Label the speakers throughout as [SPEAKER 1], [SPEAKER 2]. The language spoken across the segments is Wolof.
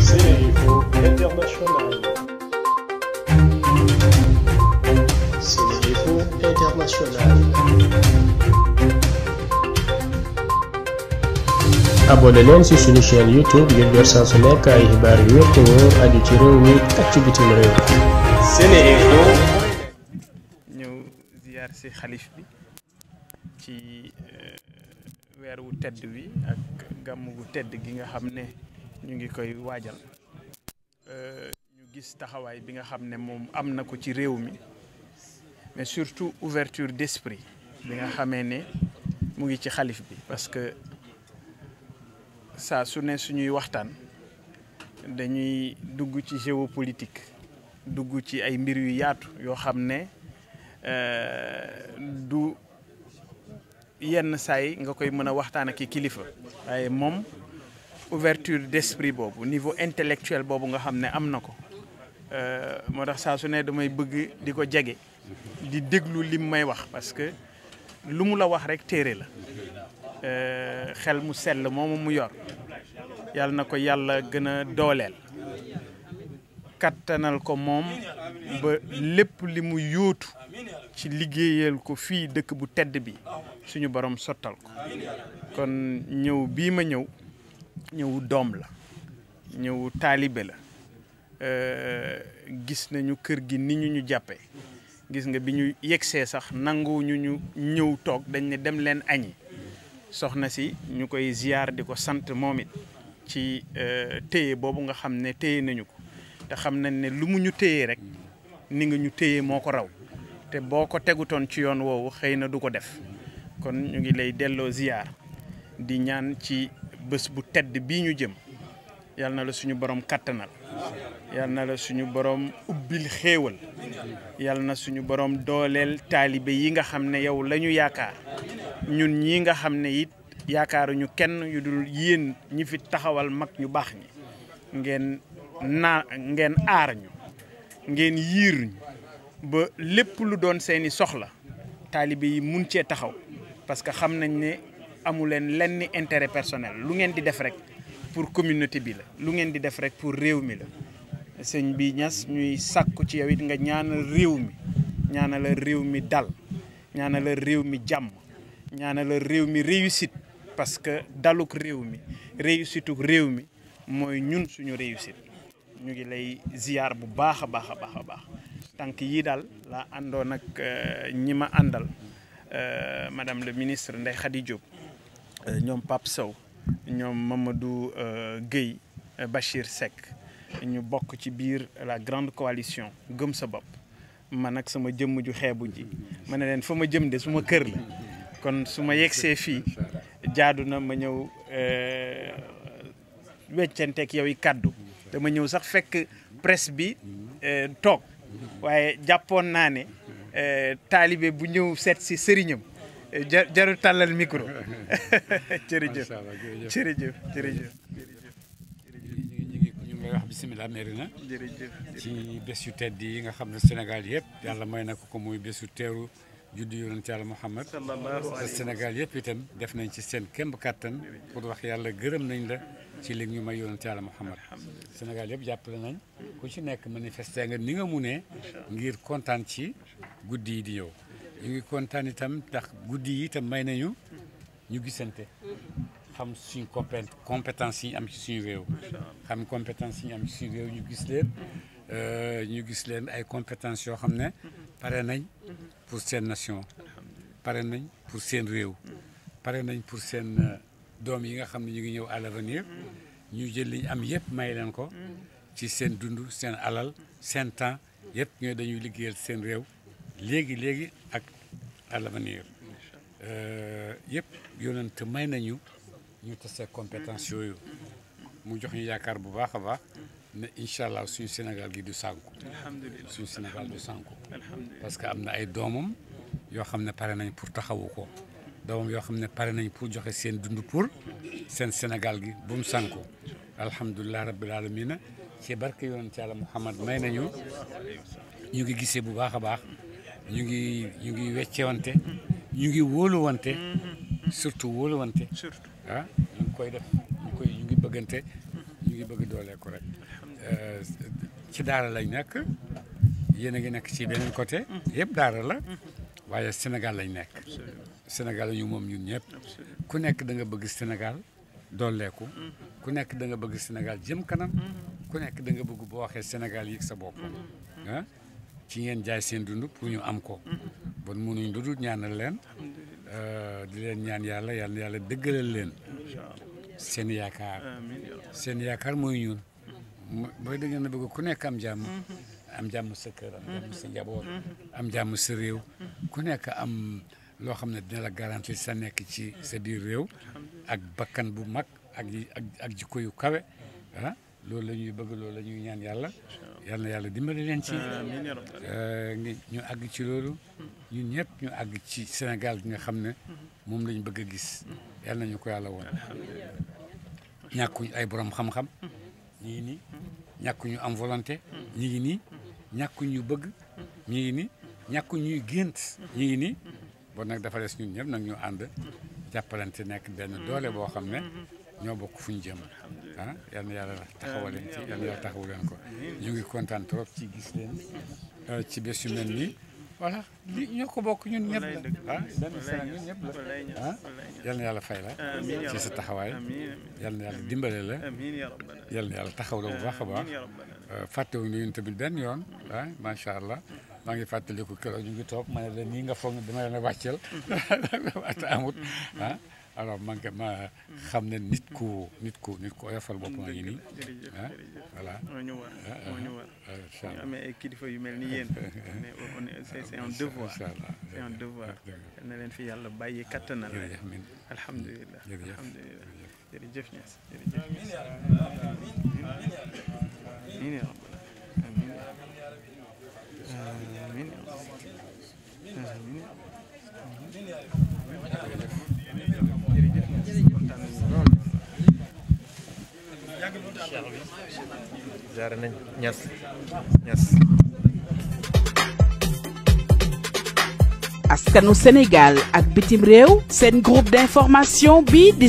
[SPEAKER 1] Sénéinfo International. Sénéinfo International. abonné leen
[SPEAKER 2] ci suñu YouTube ngir jot saa ay xibaar yu wér te wóor aju ci réew mi ak bitim réew.
[SPEAKER 1] xalif bi weer wu tedd wi ak gàmm gu tedd gi nga xam ne ñu ngi koy waajal euh, ñu gis taxawaay bi nga xam ne moom am na ko ci réew mi mais surtout ouverture d'esprit bi nga xamee ne mu ngi ci xalif bi parce que saa su ne suñuy waxtaan dañuy dugg ci géopolitique dugg ci ay mbir yu yaatu yoo xam ne euh, du yenn saay nga koy mën a waxtaan ak kilifa waaye moom ouverture d'esprit boobu niveau intellectuel boobu nga xam ne am na ko euh, moo tax saa su ne damay bëgg di ko jege di déglu lim may wax parce que lu mu la wax rek téere la euh, xel mu sell moom mu yor yàlla na ko yàlla gën a dooleel kattanal ko moom ba lépp li mu yóotu ci liggéeyal ko fii dëkk bu tedd bi suñu borom sottal ko kon ñëw bii ma ñëw ñëwu doom la ñëwu taalibe la gis nañu kër gi ni ñu ñu jàppee gis nga bi ñu yegsee sax nangu ñu ñu ñëw toog dañ ne dem leen añi soxna si ñu koy ziyaar di ko sant moom it ci téye boobu nga xam ne téye nañu ko te xam nañ ne lu mu ñu téye rek ni nga ñu téye moo ko raw te boo ko tegutoon ci yoon woowu xëy na du ko def kon ñu ngi lay delloo ziyaar di ñaan ci bés bu tedd bii ñu jëm yal na la suñu borom kattanal yal na la suñu boroom ubbil xéewal yal na suñu borom dooleel taalibe yi nga xam ne yow lañu yaakaar ñun ñi nga xam ne it ñu kenn yu dul yéen ñi fi taxawal mag ñu baax ñi ngeen naa ngeen aar ñu ngeen yiiruñ ba lépp lu doon seeni soxla taalibe yi mun cee taxaw parce que xam nañ ne amu leen lenn intérêt personnel lu ngeen di def rek pour communauté bi la lu ngeen di def rek pour réew mi la sëñ bi ñas ñuy sàkku ci yow it nga ñaanal réew mi ñaanal réew mi dal ñaanal réew mi jàmm ñaanal réew mi réussite parce que daluk réew mi réussite uk réew mi mooy ñun suñu réussite ñu ngi lay ziyaar bu baax a baax a baax a baax tànk yii daal laa àndoon ak euh, ñi ma àndal euh, madame le ministre Ndeye Khady Diop euh, ñoom Pape Sow ñoom Mamadou Guèye Bachir Seck ñu bokk ci biir la grande coalition gëm sa bopp man ak sama jëmm ju xeebu ji ma ne leen fa ma jëm de suma kër la kon su ma yegsee fii jaadu na ma ñëw weccanteeg yow yi kàddu dama ñëw sax fekk presse bi toog waaye jàppoon naa ne eh, taalibe bu ñëw seet si sëriñam eh, jaru tàllal micro jërëjëf jërëjëf jërëjëf may wax
[SPEAKER 2] bisimilah mairie na ci bés yu tedd yi nga xam ne Sénégal yëpp yàlla may na ko ko muy bésu teeru juddu yonent yàlla Muhammad Sénégal yëpp itam def nañ ci seen kémb kattan pour wax yàlla gërëm nañ la ci léegi ñu may yoonu Yàlla Muhammad Sénégal yëpp jàppale nañ ku ci nekk manifester nga ni nga munee ngir kontaan ci guddi yi di ñëw ñu ngi kontaan itam ndax guddi yi itam may nañu ñu gisante xam suñ compé compétence yi am ci suñu réew xam compétence yi ñu am ci ñu gis leen euh, ñu gis leen ay compétence yoo xam ne pare nañ pour seen nation pare nañ pour seen réew pare nañ pour seen euh, doom yi nga xam ne ñu ngi ñëw à l'avenir ñu jël li ñu am yëpp may leen ko mm-hmm. ci seen dund seen alal seen temps yëpp ñooy dañuy liggéeyal seen réew léegi léegi ak à l'avenir euh, yëpp yonent may nañu ñu tase compétence yooyu mm-hmm. mu jox ñu yaakaar bu baax a baax ne incha allah suñu Sénégal gi du sànku suñu Sénégal du sànku parce que am na ay doomam yoo xam ne pare nañ pour taxawu ko doomam yoo xam ne pare nañ pour joxe seen dund pour seen Sénégal gi bu mu sànku alhamdulilah rabbil alamina ci barke yoon ci Yàlla Muhammad may nañu ñu ngi gisee bu baax a baax ñu ngi ñu ngi weccewante ñu ngi wóoluwante surtout wóoluwante ah ñu ngi koy def ñu koy ngi bëggante ñu ngi bëgg doolee rek eh, ci daara lañ nekk yéen a ngi nekk ci beneen côté yëpp daara la waaye senegal lañ nekk Sénégal moom ñun ñëpp ku nekk danga nga bëgg senegal dooleeku ku nekk danga bëgg senegal jëm kanam mm-hmm. ku nekk da nga bëgg boo waxee senegal yi sa bopp mm-hmm. ah? ci ngeen jaay seen dund pour ñu am ko mm-hmm. bon mënuñ du dul ñaanal leen euh, di leen ñaan yàlla yàlla yàlla dëggalal leen seen yaakaar seen yaakaar mooy ñun mooy da ngeen a bëgg ku nekk am jàmm am jàmm sa kër am jàmm sa njaboot am jàmm sa réew ku nekk am loo xam ne dina la garanti sa nekk ci sa biir réew ak bakkan bu mag ak ak ak jikko yu kawe ah, loolu la ñuy bëgg loolu la ñuy ñaan yàlla yal yàlla dimbali leen ci eh, ñu àgg ci loolu ñun ñëpp ñu àgg ci senegal bi nga xam ne moom lañ bëgg a gis yal nañu ko yàlla woon ñàkkuñ ay borom xam-xam ñi ngi nii ñàkkuñu am volonté ñi ngi nii ñàkkuñu bëgg ñi ngi nii ñàkkuñu gént ñu ngi nii bon nag dafa des ñu ñëpp nag ñu ànd jàppalante nekk benn doole boo xam ne ñoo bokk fu ñu jëm ah yal na yàlla taxawale ci leen ko ñu ngi kontaan trop ci gis leen euh, ci bés yu mel nii voilà ñoo ko bokk ñun ñëpp la ah, ah, yal na yàlla fay la ci sa taxawaay yal na yàlla dimbale la yal na yàlla taxaw la bu baax a baax euh, fàttewuñu ñun tamit benn yoon ah macha allah. maa ngi fàttaliku keroog ñu ngi toog ma ne la nii nga foog ne dama leen a amut ah, alors man ka xam ne nit ku nit ku nit ku oyofal boppam a ngi nii ah voilà. moo ñu war ah, ah. moo ñu war. Ah, ñu amee ay kilifa yu mel ni yéen. mais on est c'est un devoir.
[SPEAKER 1] c'est un devoir. na leen fi yàlla bàyyi kattanal. jërëjëf amiin alhamdulilah alhamdulilah jërëjëf Niass jërëjëf Niass. amiin amiin jaare askanu Sénégal ak bitim réew seen groupe d'information bi di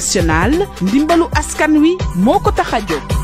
[SPEAKER 1] nationale ndimbalu askan wi moo ko tax a jóg